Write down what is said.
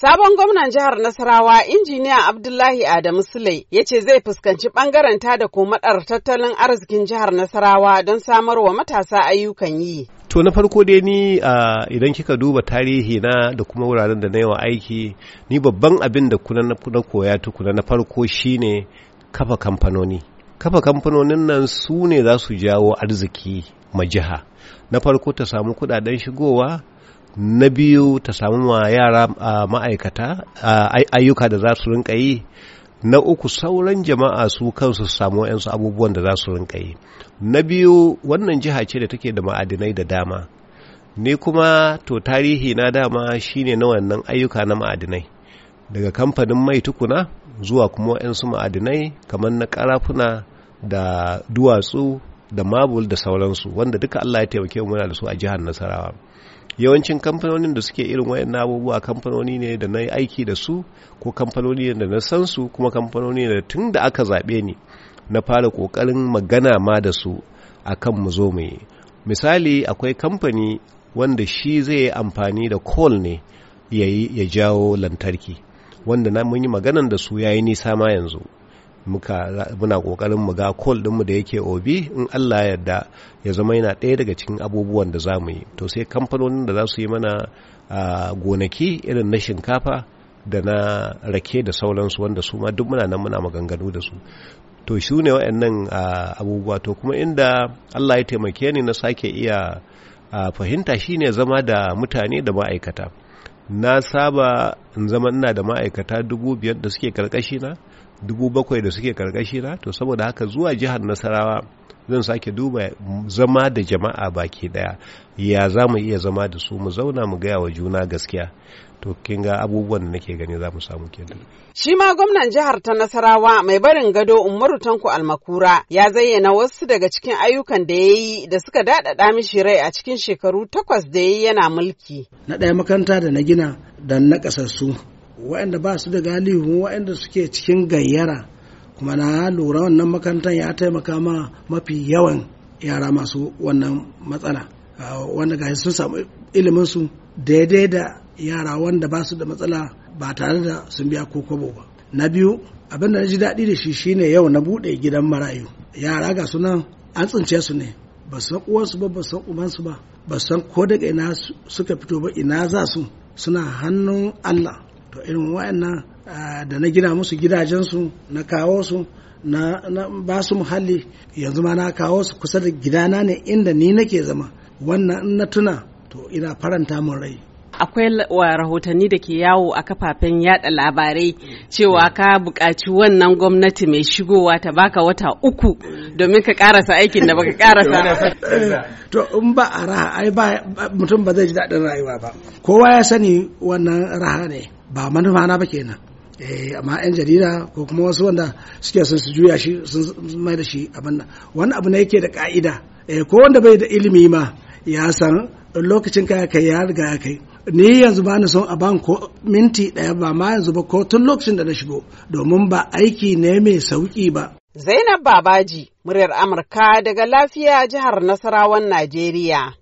Sabon gwamnan jihar Nasarawa, injiniya Abdullahi Adamu Sule, ya ce zai fuskanci ɓangaren da komadar tattalin arzikin jihar Nasarawa don samarwa matasa ayyukan yi. To na farko dai ni idan kika duba tarihi na da kuma wuraren da na yawa aiki, ni babban abin da kuna na koya tukuna na farko shine kafa kamfanoni. Kafa kamfanonin nan su ne za su jawo arziki ma jiha. Na farko ta samu kudaden shigowa, na biyu ta samu yara yara ma'aikata ayyuka da za su rinka yi na uku sauran jama'a su kansu su samu yansu abubuwan da za su rinka yi na biyu wannan jiha ce da take da ma'adinai da dama ni kuma to tarihi na dama shine na wannan ayyuka na ma'adinai daga kamfanin mai tukuna zuwa kuma yansu ma'adinai kamar na karafuna da duwatsu da mabul da sauransu wanda duka Allah ya taimake mu da su a jihar Nasarawa yawancin kamfanonin da suke irin wayan abubuwa kamfanoni ne da na yi aiki da su ko kamfanoni da na san su kuma kamfanoni da tun da aka zaɓe ni na fara ƙoƙarin magana ma da su a kan mu zo mu yi misali akwai kamfani wanda shi zai yi amfani da kol ne ya jawo lantarki wanda na mun yi maganan da su ya yi nisa ma yanzu muna kokarin mu ga din mu da yake Obi in Allah yarda ya zama yana ɗaya daga cikin abubuwan da za mu yi to sai kamfanonin da za su yi mana gonaki irin na shinkafa da na rake da sauransu wanda su ma duk muna nan muna maganganu da su to shi ne waɗannan abubuwa to kuma inda Allah ya taimake ni na sake iya fahimta shine zama da mutane da ma'aikata na saba in zama ina da ma'aikata dubu biyar da suke karkashi na dubu bakwai da suke karkashi na to saboda haka zuwa jihar nasarawa zan sake duba zama da jama'a baki daya ya za mu iya zama da su mu zauna mu gaya wa juna gaskiya to kin ga abubuwan da nake gani za mu samu kenan shi ma gwamnan jihar ta nasarawa mai barin gado umaru tanko almakura ya zayyana wasu daga cikin ayyukan da ya yi da suka daɗaɗa mishi rai a cikin shekaru takwas da ya yi yana mulki na ɗaya makaranta da na gina da nakasassu waɗanda ba su da galihu waɗanda suke cikin gayyara kuma na lura wannan makarantar ya taimaka ma mafi yawan yara masu wannan matsala ah, wanda ga sun samu ilimin daidai da yara wanda ba su da matsala ba tare da sun biya ko kwabo ba na biyu abin da na ji daɗi da shi shine yau na buɗe gidan marayu yara ga sunan an tsince su ne ba san uwansu ba ba san umansu ba ba san ko daga ina suka fito ba ina za su suna hannun Allah to irin wa'annan da na gina musu gidajensu na kawo su na ba su muhalli yanzu ma na kawo su kusa da gidana ne inda ni nake zama wannan in na tuna to ina faranta mun rai akwai rahotanni da ke yawo a kafafen yada labarai cewa ka buƙaci wannan gwamnati mai shigowa ta baka wata uku domin ka karasa aikin da baka karasa to in ba a raha ai ba mutum ba zai ji daɗin rayuwa ba kowa ya sani wannan raha ne ba manufa na ba kenan eh, amma 'yan jarida ko kuma wasu wanda suke sun su juya shi sun mai da shi abin nan wani abu ne yake da ka'ida eh, ko wanda bai da ilimi ma ya san lokacin ka kai ya riga ya kai ni yanzu ba na son a ban ko minti ɗaya ba ma yanzu ba ko tun lokacin da na shigo domin ba aiki ne mai sauƙi ba. Zainab Babaji, muryar Amurka daga lafiya jihar Nasarawan Najeriya.